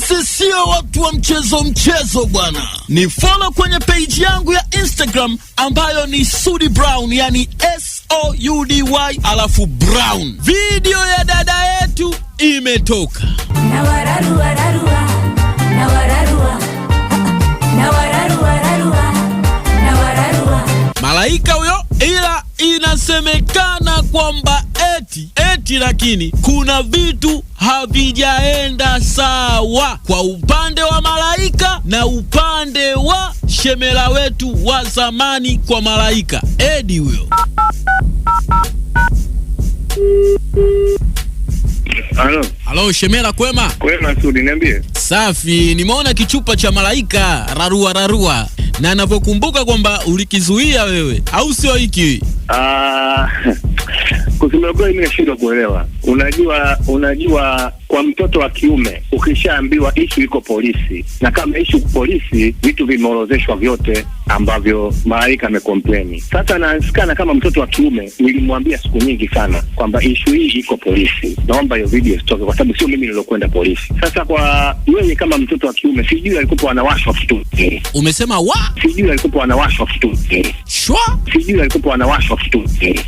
sisi sio watu wa mchezo mchezo bwana. Ni follow kwenye page yangu ya Instagram ambayo ni Sudi Brown, yani S O U D Y alafu Brown. Video ya dada yetu imetoka na wararu, wararu. na na na Malaika huyo, ila inasemekana kwamba eti, eti tofauti, lakini kuna vitu havijaenda sawa kwa upande wa Malaika na upande wa shemela wetu wa zamani kwa Malaika, Edi huyo. Halo. Halo, shemela kwema? Kwema, Sudi, niambie. Safi, nimeona kichupa cha Malaika rarua rarua na navyokumbuka kwamba ulikizuia wewe, au sio hiki? Ah, kusema kweli, mimi nashindwa kuelewa. Unajua, unajua kwa mtoto wa kiume, ukishaambiwa ishu iko polisi, na kama ishu polisi, vitu vimeorozeshwa vyote ambavyo malaika amekompleni. Sasa nasikana kama mtoto wa kiume, nilimwambia siku nyingi sana kwamba ishu hii iko polisi, naomba hiyo video isitoke, kwa sababu sio mimi nilokwenda polisi. Sasa kwa yeye kama mtoto wa kiume, sijui alikupa anawashwa kitu, umesema wa sijui alikuwa anawashwa kitu shwa, sijui alikuwa anawashwa kitu, eh?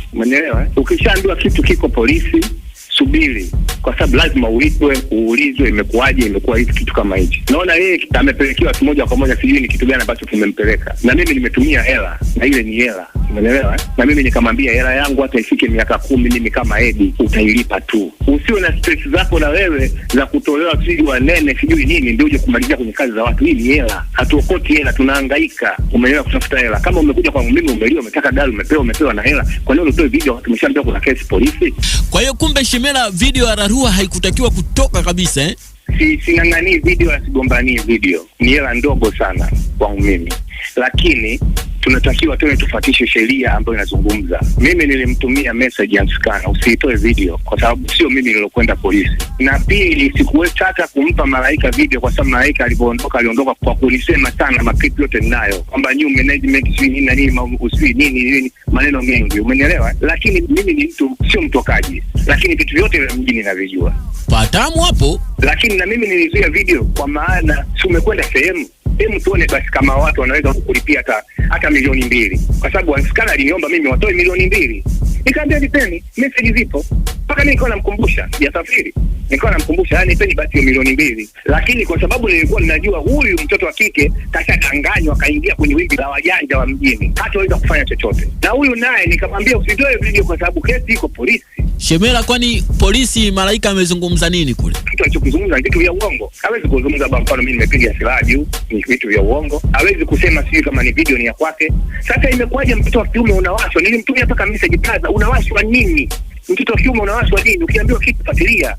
Ukishaambiwa kitu kiko polisi, subiri kwa sababu lazima uitwe, uulizwe imekuwaje, imekuwa hivi kitu kama hichi. Naona yeye amepelekewa tu moja kwa moja, sijui ni kitu gani ambacho kimempeleka, na mimi nimetumia hela na ile ni hela, umeelewa? Eh? Na mimi nikamwambia hela yangu hata ifike miaka kumi, mimi kama Edi utailipa tu, usiwe na stress zako na wewe za kutolewa sijui wanene sijui nini, ndio uje kumalizia kwenye kazi za watu. Hii ni hela, hatuokoti hela, tunahangaika, umeelewa, kutafuta hela. Kama umekuja kwangu mimi umelia, umetaka gari, umepewa, umepewa na hela, kwa nini utoe video? Tumeshaambia kuna kesi polisi. Kwa hiyo kumbe Shimela video ya barua haikutakiwa kutoka kabisa eh? Si sing'ang'anii video, asigombanii video, ni hela ndogo sana kwangu mimi, lakini tunatakiwa tena tufuatishe sheria ambayo inazungumza. Mimi nilimtumia message ya msikana, usiitoe video kwa sababu sio mimi nilokwenda polisi, na pili hata kumpa Malaika video kwa sababu Malaika alivyoondoka aliondoka kwa kunisema sana makipi yote ninayo kwamba new management sijui nini na nini usijui nini nini, maneno mengi, umenielewa. Lakini mimi ni mtu sio mtokaji, lakini vitu vyote vya mjini navijua patamu hapo, lakini na mimi nilizuia video kwa maana si umekwenda sehemu hebu tuone basi kama watu wanaweza kukulipia hata hata milioni mbili, kwa sababu wanskala aliniomba mimi watoe milioni mbili. Nikaambia nipeni, meseji zipo mpaka mimi nikawa namkumbusha sijasafiri nikawa namkumbusha, yani peni basi hiyo milioni mbili, lakini kwa sababu nilikuwa ninajua huyu mtoto wa kike kashadanganywa, akaingia kwenye wimbi la wajanja wa mjini, hataweza kufanya chochote. Na huyu naye nikamwambia usitoe video kwa sababu kesi iko polisi. Shemera, kwani polisi Malaika amezungumza nini kule? Kitu alichokizungumza ni vitu vya uongo, hawezi kuzungumza. Kwa mfano mimi nimepiga silaha juu, ni vitu vya uongo, hawezi kusema sijui kama ni video ni ya kwake. Sasa imekuwaje mtoto wa kiume unawashwa? Nilimtumia mpaka message kaza, unawashwa nini? Mtoto wa kiume unawashwa nini? Ukiambiwa kitu fatilia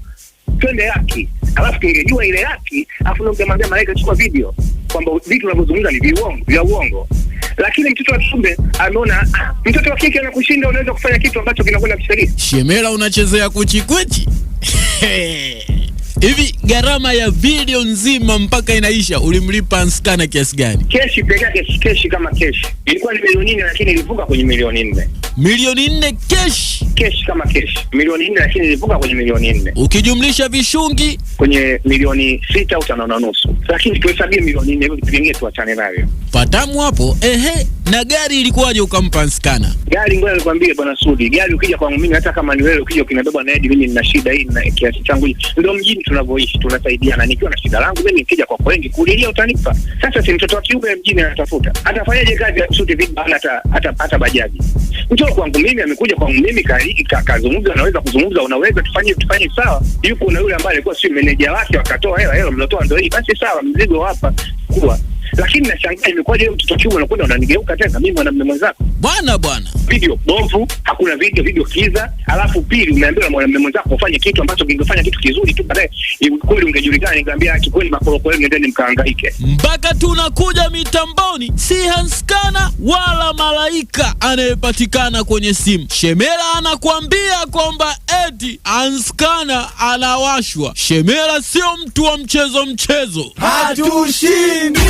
twende Iraki, alafu tungejua ile Iraki, alafu ndio malaika chukua video kwamba vitu unavyozungumza ni viuongo vya uongo. Lakini mtoto wa kiume ameona, ah, mtoto wa kike anakushinda, unaweza kufanya kitu ambacho kinakwenda kisheria. Shemela, unachezea kuchikwichi Hivi gharama ya video nzima mpaka inaisha ulimlipa Anskana kiasi gani? Keshi peke yake, keshi kama keshi ilikuwa ni milioni nne, lakini ilivuka kwenye milioni nne. Milioni nne keshi, keshi kama keshi, milioni nne, lakini ilivuka kwenye milioni nne, ukijumlisha vishungi kwenye milioni sita au tano na nusu, lakini tuhesabie milioni nne, kitu kingine tuachane nayo, patamu hapo. Ehe, na gari ilikuwaje ukampa Anskana? gari? Ngoja nikwambie bwana Sudi, gari ukija kwangu mimi, hata kama ni wewe ukija ukinabeba na Edi, mimi nina shida hii na kiasi changu, ndio mjini tunavyoishi tunasaidiana, nikiwa na shida langu mimi nikija kwako wengi kulilia utanipa. Sasa si mtoto wa kiume mjini anatafuta, atafanyaje kazi ya kusuti vibana hata hata hata bajaji mtoto kwangu mimi amekuja kwangu mimi kazungumza, ka, anaweza kuzungumza, unaweza tufanye tufanye sawa. Yuko na yule ambaye alikuwa si meneja wake, wakatoa hela hela mnatoa ndo hii basi, sawa, mzigo hapa kuwa lakini nashangaa imekuwa leo mtoto kiume unakwenda unanigeuka tena mimi mwanamume mwenzako bwana bwana. Video bovu, hakuna video, video kiza. Alafu pili, umeambiwa na mwanamume mwenzako ufanye kitu ambacho kingefanya kitu kizuri tu, baadaye kweli ungejulikana. Ningeambia ah, kikweli, makoroko yenu ndio mkahangaike. Mpaka tunakuja mitamboni, si Hanskana wala Malaika anayepatikana kwenye simu. Shemela anakuambia kwamba wakati Anskana anawashwa. Shemera sio mtu wa mchezo mchezo, hatushindi.